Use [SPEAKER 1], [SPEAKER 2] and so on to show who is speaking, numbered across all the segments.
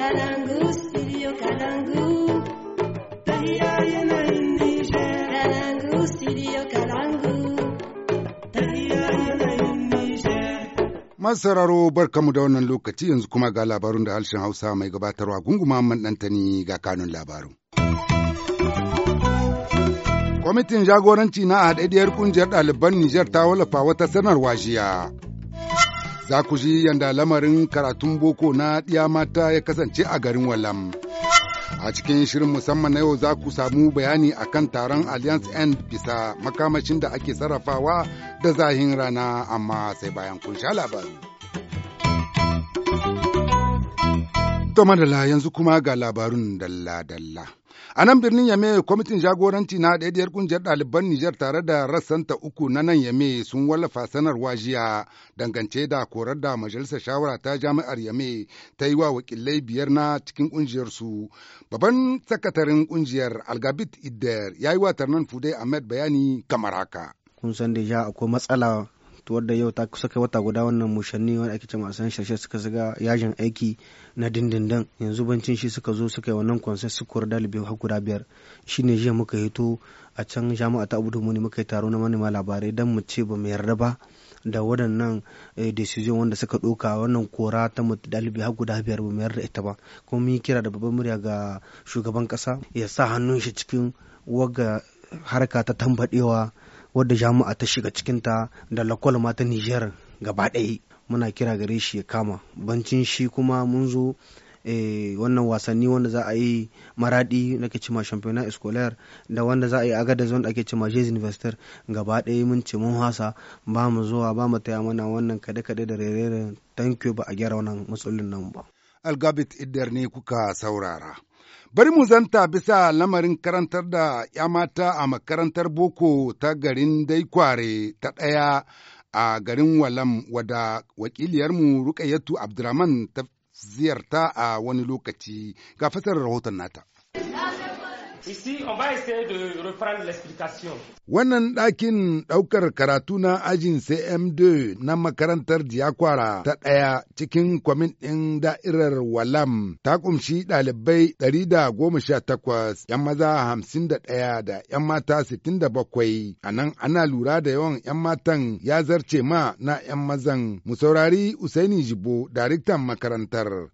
[SPEAKER 1] Kalangu, studio Kalangu.
[SPEAKER 2] da wannan lokaci yanzu kuma ga labarun da harshen Hausa mai gabatarwa gunguma man ga kanun labarun. Kwamitin jagoranci na a haɗaɗɗiyar ƙungiyar ɗaliban Nijar ta wallafa wata sanarwa jiya. za ku ji yanda lamarin karatun boko na ɗiya mata ya kasance a garin Wallam. A cikin shirin musamman na yau za ku samu bayani a kan taron Alliance N bisa makamashin da ake sarrafawa da zahin rana amma sai bayan kun sha labaru. To madala yanzu kuma ga labarun dalla-dalla. A nan birnin Yame kwamitin jagoranci na ɗaiɗiyar ƙungiyar ɗaliban Nijar tare da rassanta uku na nan Yame sun wallafa sanarwa jiya dangance da korar da majalisar shawara ta jami'ar Yame ta yi wa wakilai biyar na cikin ƙungiyarsu. Babban sakatarin ƙungiyar Algabit Idder ya yi wa Tarnan Fude Ahmed bayani kamar haka. Kun san da
[SPEAKER 1] akwai matsala to wadda yau ta kusa kai wata guda wannan mushanni wanda ake cewa san sharshe suka shiga yajin aiki na dindindin yanzu bancin shi suka zo suka yi wannan konsai su kura dalibi har guda biyar shine jiya muka hito a can jami'a ta abu muni muka yi taro na manema labarai dan mu ce ba mu yarda ba da waɗannan eh, decision wanda suka ɗauka wannan kora ta mutu dalibi har guda biyar ba mu yarda ita ba kuma mun kira da babban murya ga shugaban ƙasa ya sa hannun shi cikin waga harka ta tambadewa wadda jami'a ta shiga cikinta da lakwal ma ta Nijar gaba ɗaya muna kira gare shi ya kama bancin shi kuma mun zo eh, wannan wasanni wanda za a yi maradi na ke cima championnat escolaire da wanda za a yi agadez wanda ke cima jez investor gaba ɗaya mun ce mun hasa ba mu zuwa ba mu taya mana wannan kade-kade da rere thank you ba a gyara wannan matsalolin
[SPEAKER 2] nan ba algabit idar ne kuka saurara Bari mu zanta bisa lamarin karantar da ‘ya mata a makarantar boko ta garin dai kware ta ɗaya a garin Walam wada wakiliyarmu Rukayatu Abdurrahman ta ziyarta a wani lokaci ga fasar rahoton nata. Wannan ɗakin ɗaukar karatu na ajin CM2 na makarantar Diakwara ta ɗaya cikin kwamin ɗin da'irar Walam ta ƙumshi ɗalibai 118 ‘yan maza 51 da ‘yan mata 67 a nan ana lura da yawan ‘yan matan ya zarce ma na ‘yan mazan. Mu saurari Usaini Jibo, daraktan makarantar.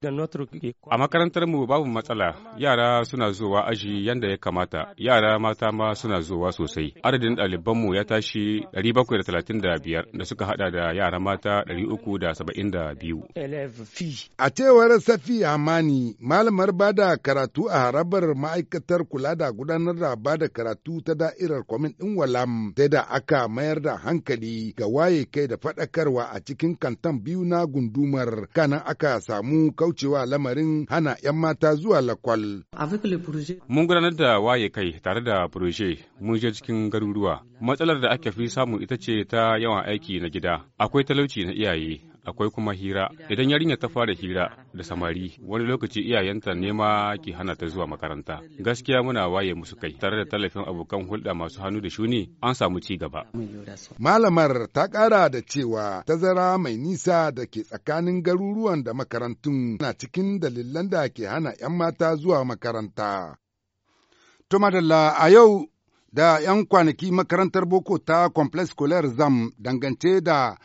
[SPEAKER 2] A
[SPEAKER 3] makarantar mu babu matsala, yara suna zuwa aji yanda ya ya kamata yara mata ma suna zuwa sosai adadin ɗalibanmu ya tashi 735 da suka hada da yara mata 372
[SPEAKER 2] a cewar safi amani malamar bada karatu a harabar ma'aikatar kula da gudanar da bada karatu ta da'irar kwamin ɗin walam sai da aka mayar da hankali ga waye kai da faɗakarwa a cikin kantan biyu na gundumar kanan aka samu kaucewa lamarin hana 'yan mata zuwa lakwal
[SPEAKER 3] mun gudanar da da waye kai tare da proje mun je cikin garuruwa. Matsalar da ake fi samu ita ce ta yawan aiki na gida. Akwai talauci na iyaye, akwai kuma hira. Idan yarinya ta fara hira da samari, wani lokaci iyayenta nema ke hana ta zuwa makaranta. Gaskiya muna waye musu kai tare da tallafin abokan hulɗa masu hannu da shuni an samu ci gaba.
[SPEAKER 2] Malamar ta ƙara da cewa tazara mai nisa da ke tsakanin garuruwan da makarantun na cikin dalilan da ke hana 'yan mata zuwa makaranta. Tumadalla a yau da 'yan kwanaki makarantar boko ta complex scolaire zam dangance da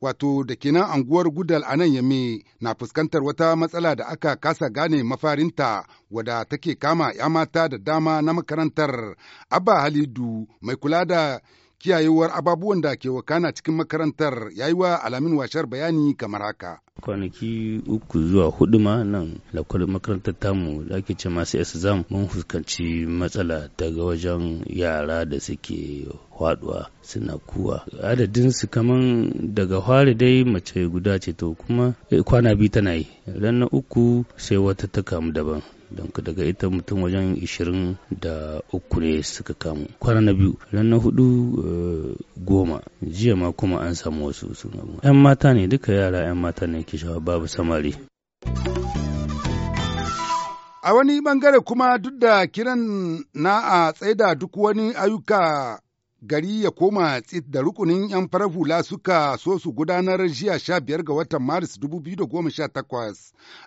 [SPEAKER 2] wato da kenan anguwar gudal a nan yame na fuskantar wata matsala da aka kasa gane mafarinta wada take kama 'ya mata da dama na makarantar abba halidu mai kula da kiyayewar ababuwan da ke wakana cikin makarantar yayi wa alamin washar bayani kamar haka kwanaki uku zuwa hudu ma nan lakwal makarantar tamu da ake ce masu exam mun fuskanci matsala daga wajen yara da suke faduwa suna kuwa
[SPEAKER 1] adadin su kaman daga fari dai mace guda ce to kuma eh, kwana biyu tana yi
[SPEAKER 3] ranar uku sai wata ta kamu daban don daga ita mutum wajen 23
[SPEAKER 2] ne suka kamu kwana na biyu ran hudu eh, goma jiya ma kuma an samu wasu sun yan mata ne duka yara yan mata ne ke shawa babu samari a wani bangare kuma duk da kiran na a tsaida duk wani ayyuka gari ya koma tsit da rukunin 'yan farar hula suka so su gudanar jiya sha biyar ga watan maris 2018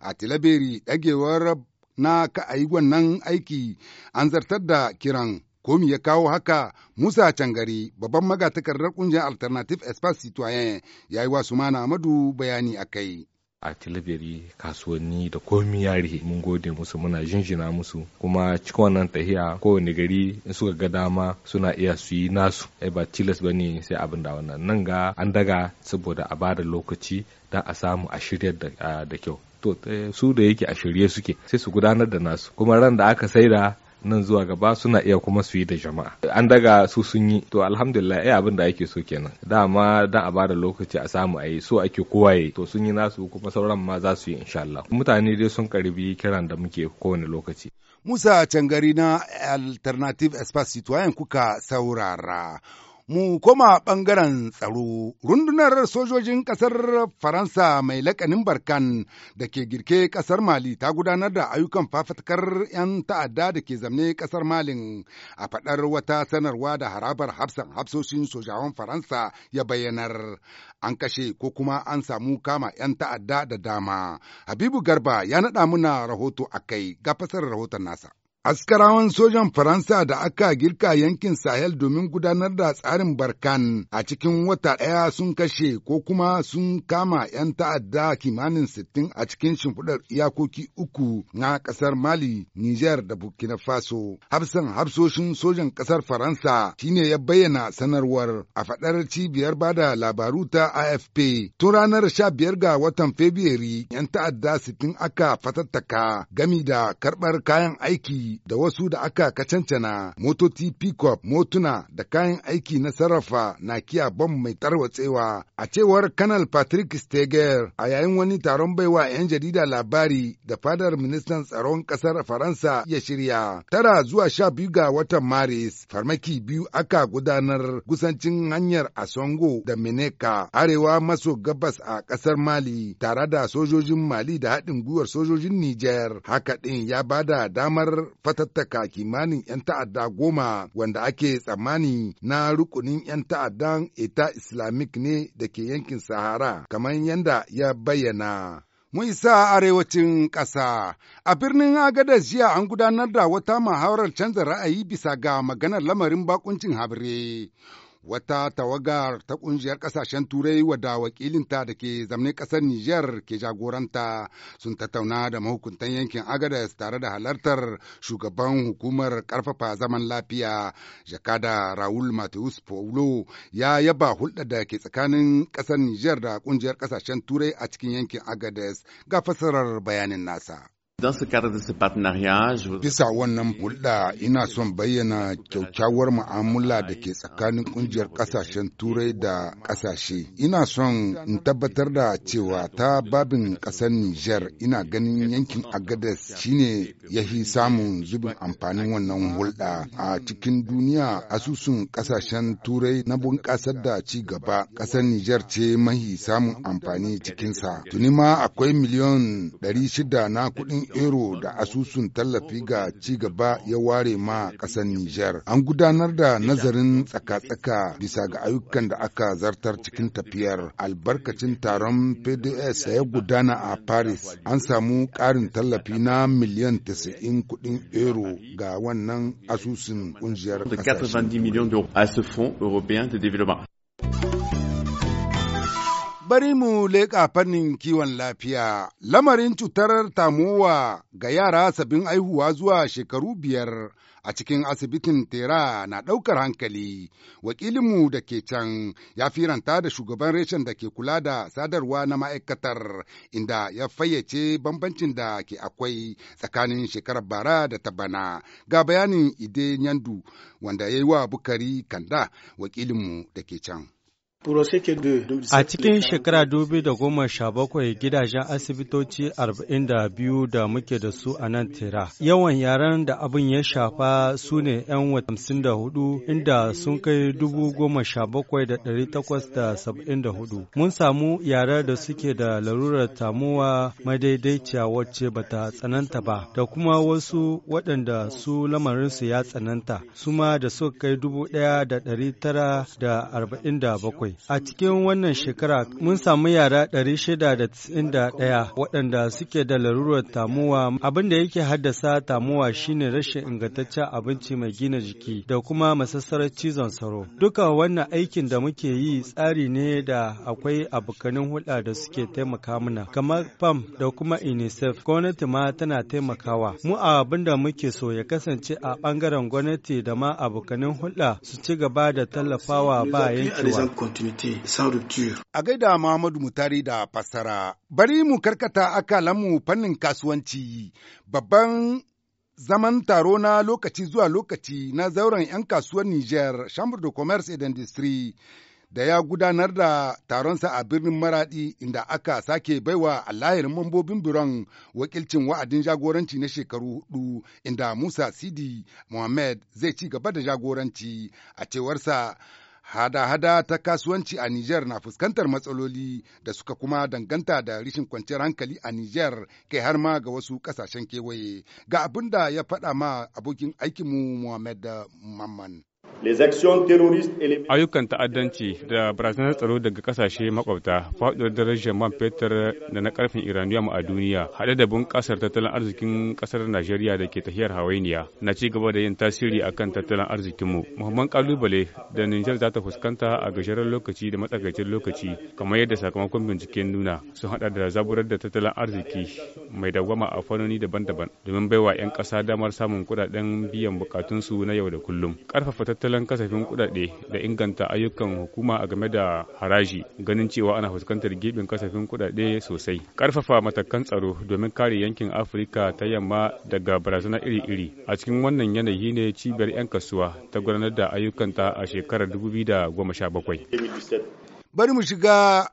[SPEAKER 2] a tilaberi ɗagewar na ka a yi wannan aiki an zartar da kiran. Komi ya kawo haka Musa Cangari babban magatakardar kungiyar Alternative Espace Citoyen ya yi wa Sumana Amadu bayani a kai.
[SPEAKER 3] a tilibiri kasuwanni da komi ya rihe mun gode musu muna jinjina musu kuma cikin wannan tahiya kowane gari in suka ga dama suna iya su yi nasu ai ba tilas ba ne sai abin da wannan nan ga an daga saboda a bada lokaci da a samu a shiryar da kyau to eh, su da yake a shirye suke sai su gudanar da nasu kuma ran da aka saida nan zuwa gaba suna iya kuma su yi da jama'a an daga su sun yi to alhamdulillah eh abin da ake so kenan dama dan a bada lokaci a samu a yi so ake kowa yi to sun yi nasu kuma sauran ma za su yi insha Allah mutane dai sun karbi kiran da muke kowane lokaci
[SPEAKER 2] Musa Cangari na Alternative Espace Citoyen kuka saurara mu koma ɓangaren tsaro. Rundunar sojojin ƙasar Faransa mai lakanin Barkan da ke girke ƙasar Mali ta gudanar da ayyukan fafatakar 'yan ta'adda da ke zamne ƙasar Malin a faɗar wata sanarwa da harabar hafsan hafsoshin sojawan Faransa ya bayyanar. An kashe ko kuma an samu kama 'yan ta'adda da dama. Habibu Garba ya naɗa muna rahoto a kai ga fasar rahoton nasa. Askarawan sojan Faransa da aka girka yankin Sahel domin gudanar da tsarin Barkan a cikin wata ɗaya sun kashe ko kuma sun kama 'yan ta'adda kimanin sittin a cikin shimfiɗar iyakoki uku na ƙasar Mali, Nijar da Burkina Faso. Hafsan hafsoshin sojan ƙasar Faransa shine ya bayyana sanarwar a faɗar cibiyar bada labaru ta AFP. Tun ranar sha biyar ga watan Fabrairu 'yan ta'adda sittin aka fatattaka gami da karɓar kayan aiki da wasu da aka kacancana motoci pickup motuna da kayan aiki na sarrafa na kiya bom mai tarwatsewa a cewar kanal patrick steger a yayin wani taron baiwa 'yan jarida labari da fadar ministan tsaron kasar faransa ya shirya tara zuwa sha biyu ga watan maris farmaki biyu aka gudanar kusancin hanyar asongo da meneka arewa maso gabas a kasar mali tare da sojojin mali da haɗin gwiwar sojojin niger haka ɗin ya bada damar fatattaka kimanin 'yan ta'adda goma wanda ake tsammani na rukunin 'yan ta'addan Eta Islamic ne da ke yankin Sahara, kamar yadda ya bayyana. mun isa arewacin ƙasa. A birnin Agadez jiya an gudanar da wata muhawarar canza ra'ayi bisa ga maganar lamarin bakuncin habire. wata tawagar ta ƙungiyar ƙasashen turai wadda wakilinta da ke zamne ƙasar Nijar ke jagoranta sun tattauna da mahukuntan yankin Agadez tare da halartar shugaban hukumar ƙarfafa zaman lafiya Jakada Raul Mateus Paulo ya yaba hulɗa da ke tsakanin ƙasar Nijar da ƙungiyar ƙasashen turai a cikin yankin Agadez ga fassarar bayanin nasa. Bisa wannan hulɗa ina son bayyana kyaukyawar mu'amala da ke tsakanin ƙungiyar ƙasashen Turai da ƙasashe. Ina son in tabbatar da cewa ta babin ƙasar Nijar ina ganin yankin Agadez shine ya fi samun zubin amfanin wannan hulɗa a cikin duniya asusun ƙasashen Turai na bunƙasar da ci gaba ƙasar Nijar ce mahi samun amfani cikinsa. Tuni ma akwai miliyon 600 na kuɗin ero da asusun tallafi ga ci gaba ya ware ma ƙasar Nijar. An gudanar da nazarin tsaka-tsaka bisa ga ayyukan da aka zartar cikin tafiyar albarkacin taron PDS da ya gudana a Paris. An samu ƙarin tallafi na miliyan 90 kuɗin ero ga wannan asusun ƙungiyar ƙasashen. bari mu leƙa fannin kiwon lafiya. Lamarin cutar tamuwa ga yara sabbin aihuwa zuwa shekaru biyar a cikin asibitin tera na ɗaukar hankali. Wakilinmu da ke can ya firanta da shugaban reshen da ke kula da sadarwa na ma'aikatar inda ya fayyace bambancin da ke akwai tsakanin shekarar bara da ta bana. Ga bayanin Ide Nyandu wanda ya yi wa Bukari Kanda wakilinmu da ke can. A cikin
[SPEAKER 1] shekara bakwai gidajen asibitoci 42 da muke da su a nan tira. Yawan yaren da abin ya shafa su ne 'yan watan hudu inda sun kai hudu. Mun samu yaren da suke da larurar tamuwa madaidaiciya wacce bata tsananta ba, da kuma wasu waɗanda su lamarinsu ya tsananta, suma da suka kai bakwai. kawai. A cikin wannan shekara mun samu yara ɗari shida da da ɗaya waɗanda suke da larurar tamuwa abin da yake haddasa tamuwa shine rashin ingantaccen abinci mai gina jiki da kuma masassarar cizon sauro. Duka wannan aikin da muke yi tsari ne da akwai abokanin hulɗa da suke taimaka mana kamar PAM da kuma UNICEF gwamnati ma tana taimakawa. Mu abin da muke so ya kasance a bangaren
[SPEAKER 2] gwamnati da ma abokanin hulɗa su ci gaba da tallafawa ba yankewa. continuité sans rupture. A gaida Muhammadu Mutari da fassara, bari mu karkata akalanmu fannin kasuwanci babban zaman taro na lokaci zuwa lokaci na zauren 'yan kasuwar Niger, Chambre de Commerce et d'Industrie. da ya gudanar da taronsa a birnin maradi inda aka sake baiwa lahirin mambobin biron wakilcin wa'adin jagoranci na shekaru hudu inda musa sidi mohammed zai ci gaba da jagoranci a cewarsa hada-hada ta kasuwanci a Nijar na fuskantar matsaloli da suka kuma danganta da rishin kwanciyar hankali a Nijar kai har ma ga wasu kasashen kewaye. Ga abin da ya faɗa ma abokin aikinmu Muhammad Mamman. Ayyukan
[SPEAKER 3] ta'addanci da barazanar tsaro daga kasashe makwabta faɗuwar darajar man fetur da na karfin Iraniyam a duniya haɗe da bunƙasar tattalin arzikin ƙasar Najeriya da ke tafiyar hawainiya na ci gaba da yin tasiri a kan tattalin arzikinmu. Muhimman ƙalubale da Nijar za ta fuskanta a gajeren lokaci da matsakaicin lokaci kamar yadda sakamakon binciken nuna sun haɗa da zaburar da tattalin arziki mai dawwama a fannoni daban-daban domin baiwa 'yan ƙasa damar samun kuɗaɗen biyan bukatunsu na yau da kullum. Ƙarfafa tattalin kasafin kudade da inganta ayyukan hukuma a game da haraji ganin cewa ana fuskantar gibin kasafin kudade sosai karfafa matakan tsaro domin kare yankin afirka ta yamma daga barazana iri-iri a cikin wannan yanayi ne cibiyar 'yan kasuwa ta gudanar da ayyukanta a shekarar 2017
[SPEAKER 2] bari mu shiga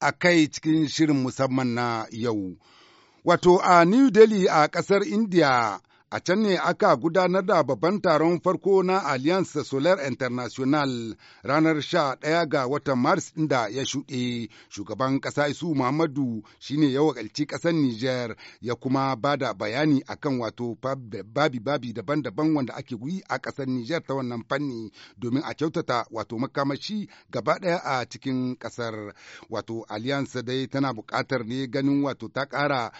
[SPEAKER 2] a kai cikin shirin musamman na yau wato a new delhi a ƙasar india A can ne aka gudanar da babban taron farko na Alliance Solar International ranar sha ɗaya ga watan mars inda ya shuɗe. Shugaban ƙasa Isu Muhammadu shine ya wakalci ƙasar niger ya kuma ba da bayani akan wato babi-babi daban-daban wanda ake yi a ƙasar niger ta wannan fanni domin a kyautata wato makamashi gaba ɗaya a cikin ƙasar. Wato Alliance dai tana buƙatar ne ganin wato ta ƙara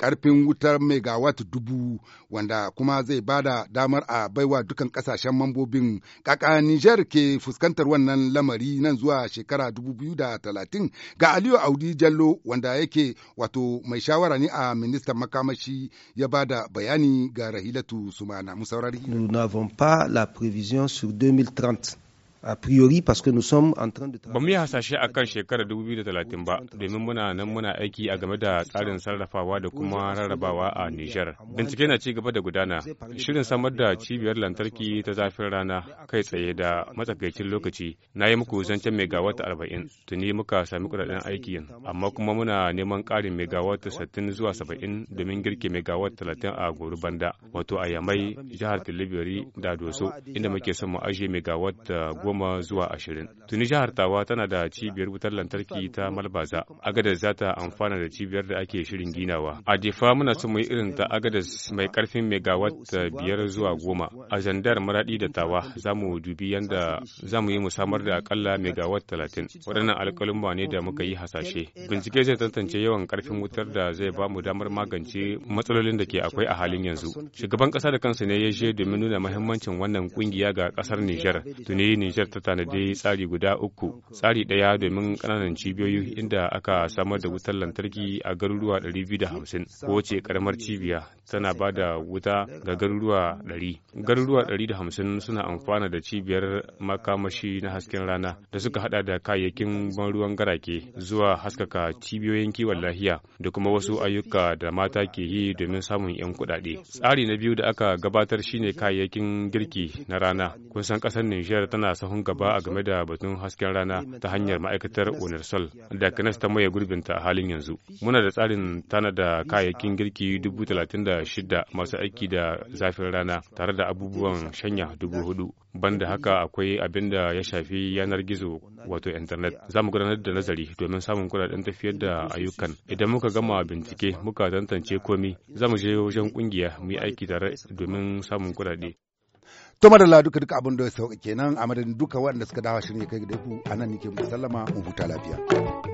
[SPEAKER 2] karfin wutar megawatt dubu wanda kuma zai bada damar a baiwa dukan kasashen mambobin kaka Niger ke fuskantar wannan lamari nan zuwa shekara biyu da talatin ga Aliyu Audi Jallo wanda yake wato mai shawara ne a ministan makamashi ya bada bayani ga Rahilatu Sumana musaurari. Nous
[SPEAKER 1] n'avons pas la prévision sur 2030. a priori parce que nous sommes en train de
[SPEAKER 3] ba mu yi hasashe a kan shekarar 2030 ba domin muna nan muna aiki a game da tsarin sarrafawa da kuma rarrabawa a nijar Bincike na ci gaba da gudana. Shirin samar da cibiyar lantarki ta zafin rana kai tsaye da matsakaicin lokaci na yi muku zancen megawatt arba'in tuni muka sami kudaden aiki amma kuma muna neman ƙarin megawatt 60 zuwa saba'in domin girke megawatt talatin a goro Banda wato a Yamai jihar Tilibiri da Doso inda muke son mu ajiye megawatt eh, goma zuwa ashirin. Tuni jihar Tawa tana da cibiyar wutar lantarki ta Malbaza. agadas za ta amfana da cibiyar da ake shirin ginawa. A Difa muna son mu yi irin ta agadas mai karfin megawatt biyar zuwa goma. A Zandar Maradi da Tawa za mu dubi yadda za mu yi mu samar da akalla megawatt talatin. Waɗannan alƙalumma ne da muka yi hasashe. Bincike zai tantance yawan karfin wutar da zai ba mu damar magance matsalolin da ke akwai a halin yanzu. Shugaban ƙasa da kansa ne ya je domin nuna mahimmancin wannan ƙungiya ga ƙasar Nijar. Tuni Nijar Nijar ta tanadi tsari guda uku, tsari ɗaya domin ƙananan cibiyoyi inda aka samar da wutar lantarki a garuruwa 250 kowace karamar cibiya tana ba da wuta ga garuruwa 100. Garuruwa 150 suna amfana da cibiyar makamashi na hasken rana da suka hada da kayayyakin ban ruwan garake zuwa haskaka cibiyoyin kiwon lafiya da kuma wasu ayyuka da mata ke yi domin samun 'yan kuɗaɗe. Tsari na biyu da aka gabatar shine kayayyakin girki na rana. Kun san ƙasar Nijar tana sahun gaba a game da batun hasken rana ta hanyar ma'aikatar onersol da kanas ta maye gurbinta a halin yanzu muna da tsarin tana da kayayyakin girki dubu da shida masu aiki da zafin rana tare da abubuwan shanya dubu hudu banda haka akwai abin da ya shafi yanar gizo wato intanet za mu gudanar da nazari domin samun kudaden tafiyar da ayyukan idan muka gama bincike muka tantance komi za mu je wajen kungiya mu yi aiki tare domin samun kudade
[SPEAKER 2] to madalla duka duka abin da ya sauka kenan a madadin duka waɗanda suka dawo shirin ya kai da ku anan nan nake muku sallama mu huta lafiya